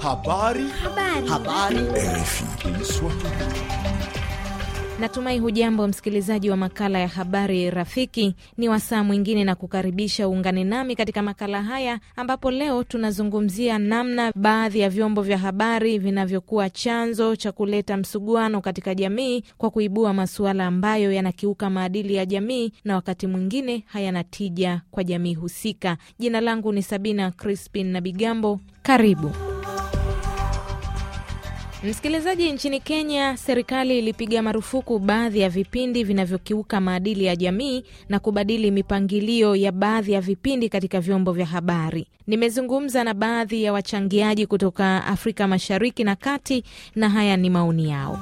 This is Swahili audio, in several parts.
Habari. Habari. Habari. Natumai hujambo msikilizaji wa makala ya habari rafiki. Ni wasaa mwingine na kukaribisha uungane nami katika makala haya ambapo leo tunazungumzia namna baadhi ya vyombo vya habari vinavyokuwa chanzo cha kuleta msuguano katika jamii kwa kuibua masuala ambayo yanakiuka maadili ya jamii na wakati mwingine hayana tija kwa jamii husika. Jina langu ni Sabina Crispin na Bigambo. Karibu. Msikilizaji, nchini Kenya serikali ilipiga marufuku baadhi ya vipindi vinavyokiuka maadili ya jamii na kubadili mipangilio ya baadhi ya vipindi katika vyombo vya habari. Nimezungumza na baadhi ya wachangiaji kutoka Afrika Mashariki na Kati na haya ni maoni yao.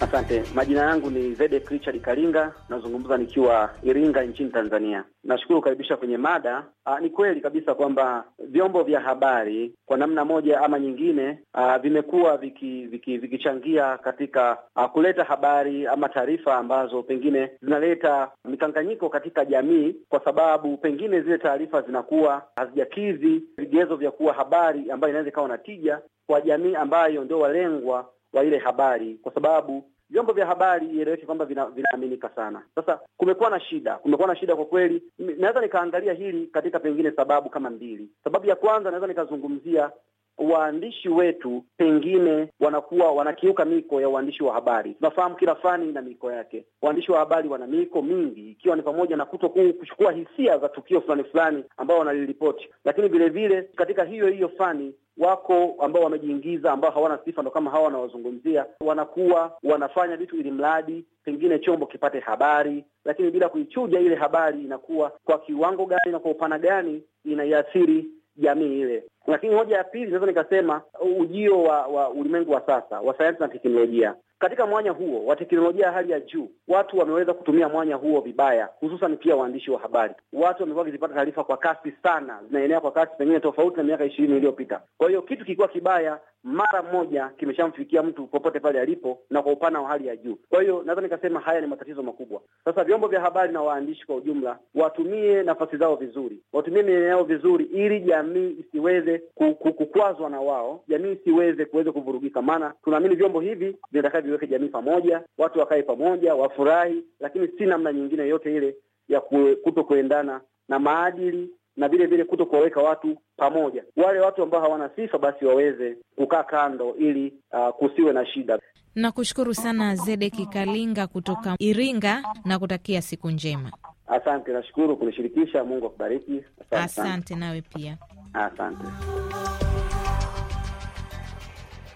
Asante, majina yangu ni Zedek Richard Kalinga, nazungumza nikiwa Iringa nchini Tanzania. Nashukuru kukaribisha kwenye mada. Aa, ah, ni kweli kabisa kwamba vyombo vya habari kwa namna moja ama nyingine ah, vimekuwa vikichangia viki, viki katika aa, ah, kuleta habari ama taarifa ambazo pengine zinaleta mikanganyiko katika jamii, kwa sababu pengine zile taarifa zinakuwa hazijakidhi vigezo vya kuwa habari ambayo inaweza ikawa na tija kwa jamii ambayo ndio walengwa wa ile habari, kwa sababu vyombo vya habari ieleweke kwamba vinaaminika vina sana. Sasa kumekuwa na shida, kumekuwa na shida kwa kweli. Naweza nikaangalia hili katika pengine sababu kama mbili. Sababu ya kwanza naweza nikazungumzia waandishi wetu pengine wanakuwa wanakiuka miko ya uandishi wa habari. Tunafahamu kila fani ina miko yake. Waandishi wa habari wana miko mingi, ikiwa ni pamoja na kutoku kuchukua hisia za tukio fulani fulani ambao wanaliripoti, lakini vilevile vile katika hiyo hiyo fani wako ambao wamejiingiza, ambao hawana sifa, ndo kama hawa wanawazungumzia, wanakuwa wanafanya vitu ili mradi pengine chombo kipate habari, lakini bila kuichuja ile habari inakuwa kwa kiwango gani na kwa upana gani inaiathiri jamii ile. Lakini hoja ya pili, naweza nikasema ujio wa, wa ulimwengu wa sasa wa sayansi na teknolojia katika mwanya huo wa teknolojia ya hali ya juu, watu wameweza kutumia mwanya huo vibaya, hususan pia waandishi wa habari. Watu wamekuwa wakizipata taarifa kwa kasi sana, zinaenea kwa kasi pengine tofauti na miaka ishirini iliyopita. Kwa hiyo kitu kikiwa kibaya, mara moja kimeshamfikia mtu popote pale alipo, na kwa upana wa hali ya juu. Kwa hiyo naweza nikasema haya ni matatizo makubwa. Sasa vyombo vya habari na waandishi kwa ujumla watumie nafasi zao vizuri, watumie mieneo yao vizuri, ili jamii isiweze kukwazwa na wao, jamii isiweze kuweza kuvurugika, maana tunaamini vyombo hivi vinataka tuiweke jamii pamoja, watu wakae pamoja, wafurahi, lakini si namna nyingine yote ile ya kuto kuendana na maadili na vile vile kuto kuwaweka watu pamoja. Wale watu ambao hawana sifa basi waweze kukaa kando, ili uh, kusiwe na shida. Nakushukuru sana Zedeki Kalinga kutoka Iringa na kutakia siku njema. Asante, nashukuru kunishirikisha. Mungu akubariki. Asante, asante nawe pia, asante.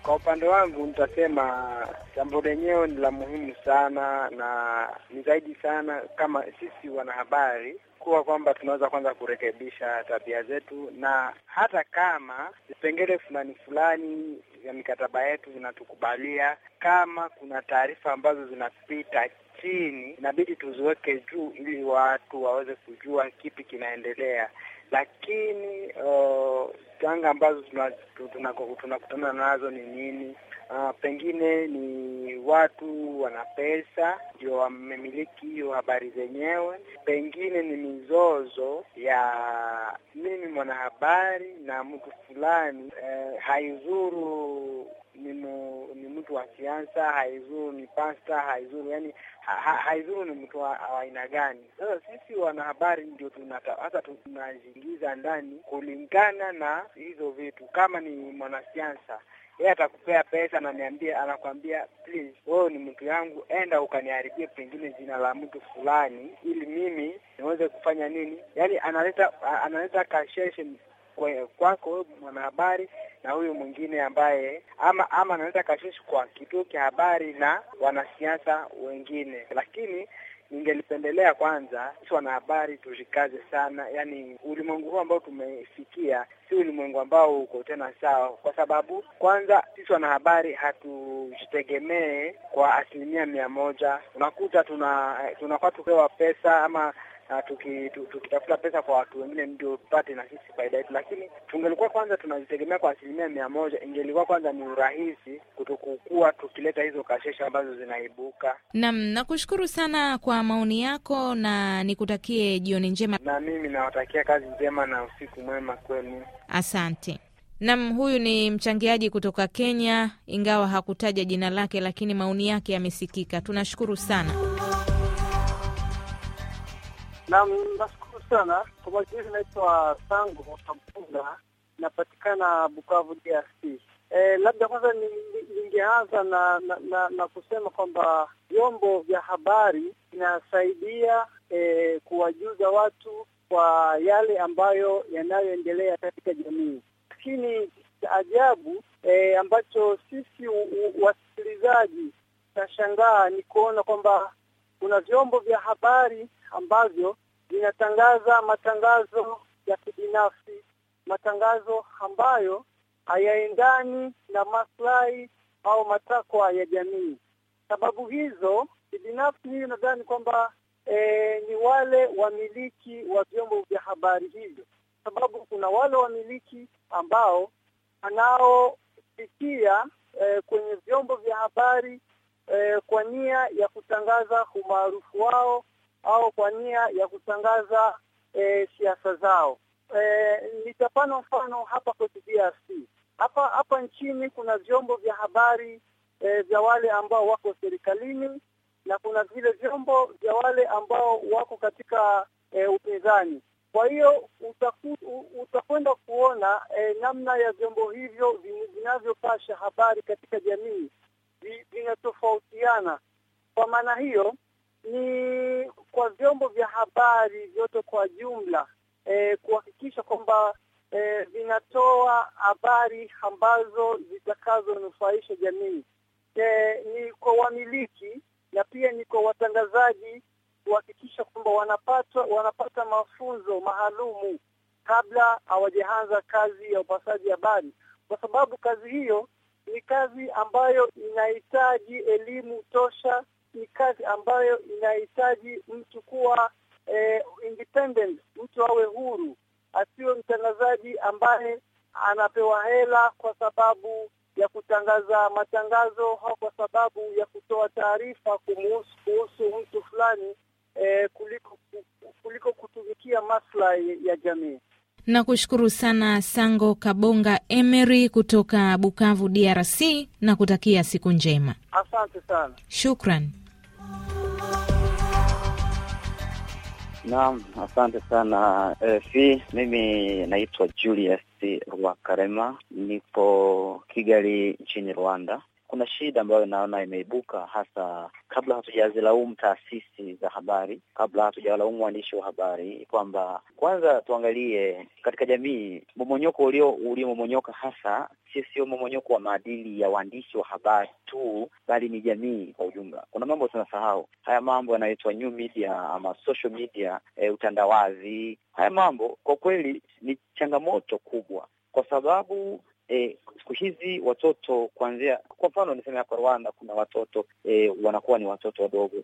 Kwa upande wangu nitasema jambo lenyewe ni la muhimu sana, na ni zaidi sana kama sisi wanahabari kuwa kwamba tunaweza kwanza kurekebisha tabia zetu, na hata kama vipengele fulani fulani vya mikataba yetu vinatukubalia, kama kuna taarifa ambazo zinapita chini, inabidi tuziweke juu ili watu waweze kujua kipi kinaendelea, lakini uh, Kanga ambazo tunakutana nazo ni nini? Uh, pengine ni watu wana pesa ndio wamemiliki hiyo habari zenyewe. Pengine ni mizozo ya mimi mwanahabari na mtu fulani, eh, haizuru mu, ni mtu wa siasa, haizuru ni pasta, haizuru yani ha, ha, haizuru ni mtu wa aina gani. Sasa sisi wanahabari ndio tunata, hata tunajiingiza ndani kulingana na hizo vitu. Kama ni mwanasiasa yeye atakupea pesa na niambia, anakwambia please, wewe ni mtu yangu, enda ukaniharibie pengine jina la mtu fulani, ili mimi niweze kufanya nini. Yani analeta analeta kasheshe kwako kwa wewe mwanahabari na huyu mwingine ambaye ama ama anaweza kashishi kwa kituo cha habari na wanasiasa wengine, lakini ningelipendelea kwanza sisi wanahabari tujikaze sana. Yani, ulimwengu huu ambao tumefikia si ulimwengu ambao uko tena sawa, kwa sababu kwanza sisi wanahabari hatujitegemee kwa asilimia mia moja. Unakuta tuna eh, tunakuwa tupewa pesa ama na ah, tukitafuta pesa kwa watu wengine ndio tupate na sisi faida yetu, lakini tungelikuwa kwanza tunazitegemea kwa asilimia mia moja, ingelikuwa kwanza ni urahisi kutokukuwa tukileta hizo kashesha ambazo zinaibuka. Naam, nakushukuru sana kwa maoni yako na nikutakie jioni njema. Na mimi nawatakia kazi njema na usiku mwema kwenu, asante. Nam, huyu ni mchangiaji kutoka Kenya, ingawa hakutaja jina lake, lakini maoni yake yamesikika. Tunashukuru sana. Naam, nashukuru sana kwa majina, naitwa Sango Kampunda, napatikana Bukavu, DRC. E, eh, labda kwanza ningeanza na, na, na, na kusema kwamba vyombo vya habari vinasaidia e, kuwajuza watu kwa yale ambayo yanayoendelea katika jamii, lakini ajabu e, ambacho sisi wasikilizaji tunashangaa ni kuona kwamba kuna vyombo vya habari ambavyo vinatangaza matangazo ya kibinafsi, matangazo ambayo hayaendani na maslahi au matakwa ya jamii. Sababu hizo kibinafsi, hiyo nadhani kwamba e, ni wale wamiliki wa vyombo vya habari hivyo, sababu kuna wale wamiliki ambao wanaofikia e, kwenye vyombo vya habari e, kwa nia ya kutangaza umaarufu wao au kwa nia ya kutangaza e, siasa zao. E, nitapana mfano hapa kwetu DRC, hapa hapa nchini kuna vyombo vya habari e, vya wale ambao wako serikalini na kuna vile vyombo vya wale ambao wako katika e, upinzani. Kwa hiyo utakwenda kuona e, namna ya vyombo hivyo vinavyopasha habari katika jamii vinatofautiana. Kwa maana hiyo ni kwa vyombo vya habari vyote kwa jumla e, kuhakikisha kwamba e, vinatoa habari ambazo zitakazonufaisha jamii e, ni kwa wamiliki na pia ni kwa watangazaji kuhakikisha kwamba wanapata wanapata mafunzo maalumu kabla hawajaanza kazi ya upasaji habari, kwa sababu kazi hiyo ni kazi ambayo inahitaji elimu tosha ni kazi ambayo inahitaji mtu kuwa eh, independent, mtu awe huru, asiwe mtangazaji ambaye anapewa hela kwa sababu ya kutangaza matangazo au kwa sababu ya kutoa taarifa kumuhusu kuhusu mtu fulani eh, kuliko kuliko kutumikia maslahi ya jamii na kushukuru sana Sango Kabonga Emery kutoka Bukavu, DRC, na kutakia siku njema. Asante sana, shukran. Naam, asante sana fi. Eh, mimi naitwa Julius Rwakarema, nipo Kigali nchini Rwanda kuna shida ambayo naona imeibuka hasa kabla hatujazilaumu taasisi za habari, kabla hatujawalaumu waandishi wa habari, kwamba kwanza tuangalie katika jamii momonyoko ulio uliomomonyoka hasa sio momonyoko wa maadili ya waandishi wa habari tu, bali ni jamii kwa ujumla. Kuna mambo tunasahau, haya mambo yanaitwa new media ama social media, e, utandawazi. Haya mambo kwa kweli ni changamoto kubwa kwa sababu E, siku hizi watoto kuanzia, kwa mfano niseme hapa Rwanda kuna watoto e, wanakuwa ni watoto wadogo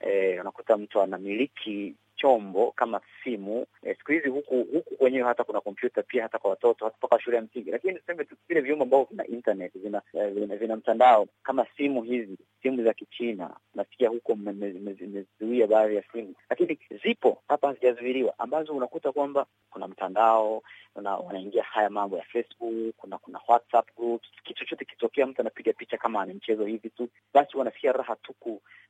e, unakuta mtu anamiliki chombo kama simu e, siku hizi huku huku kwenyewe hata kuna kompyuta pia hata kwa watoto hata mpaka shule ya msingi, lakini tuseme tu vile vyombo ambavyo vina internet vina, e, vina, vina mtandao kama simu hizi simu za Kichina nasikia huko mmezuia baadhi ya simu, lakini zipo hapa hazijazuiliwa, ambazo unakuta kwamba kuna mtandao na wanaingia haya mambo ya Facebook, kuna kuna WhatsApp groups. Kitu chochote kitokea, mtu anapiga picha kama ana mchezo hivi tu, basi wanasikia raha tu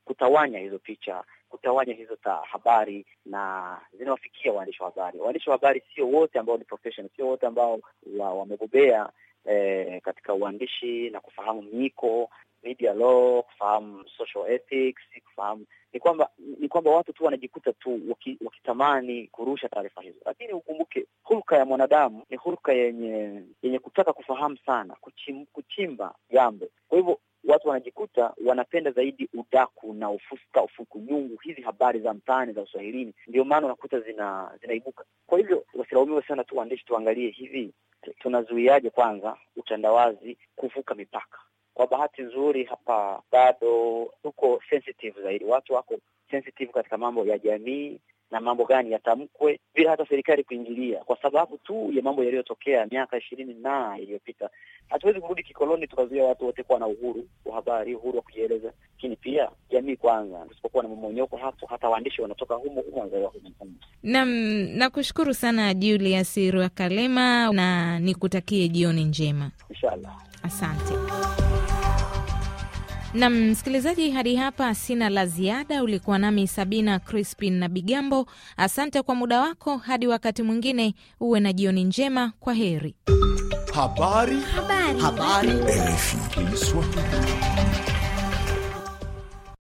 kutawanya hizo picha, kutawanya hizo ta habari, na zinawafikia waandishi wa habari. Waandishi wa habari sio wote ambao ni professional, sio wote ambao wamebobea wa eh, E, katika uandishi na kufahamu miko media law, kufahamu social ethics, wanafahamu ni kwamba ni kwamba watu tu wanajikuta tu wakitamani waki kurusha taarifa hizo, lakini ukumbuke hulka ya mwanadamu ni hulka yenye yenye kutaka kufahamu sana, kuchim, kuchimba jambo. Kwa hivyo watu wanajikuta wanapenda zaidi udaku na ufuska, ufuku nyungu, hizi habari za mtaani za uswahilini, ndio maana unakuta zina zinaibuka. Kwa hivyo wasilaumiwe sana tu waandishi, tuangalie hivi tunazuiaje kwanza utandawazi kuvuka mipaka. Kwa bahati nzuri, hapa bado tuko sensitive zaidi, watu wako sensitive katika mambo ya jamii na mambo gani yatamkwe bila hata serikali kuingilia, kwa sababu tu ya mambo yaliyotokea miaka ishirini na iliyopita. Hatuwezi kurudi kikoloni tukazuia watu wote kuwa na uhuru wa habari, uhuru wa kujieleza, lakini pia jamii kwanza. Tusipokuwa na mmonyoko hapo, hata waandishi wanatoka humo humo, wanazaliwa humo humo. Naam, nakushukuru sana Julius Rwakalema na nikutakie jioni njema, inshallah. Asante. Na msikilizaji, hadi hapa sina la ziada. Ulikuwa nami Sabina Crispin na Bigambo. Asante kwa muda wako. Hadi wakati mwingine, uwe na jioni njema. Kwa heri. Habari. Habari. Habari. Habari.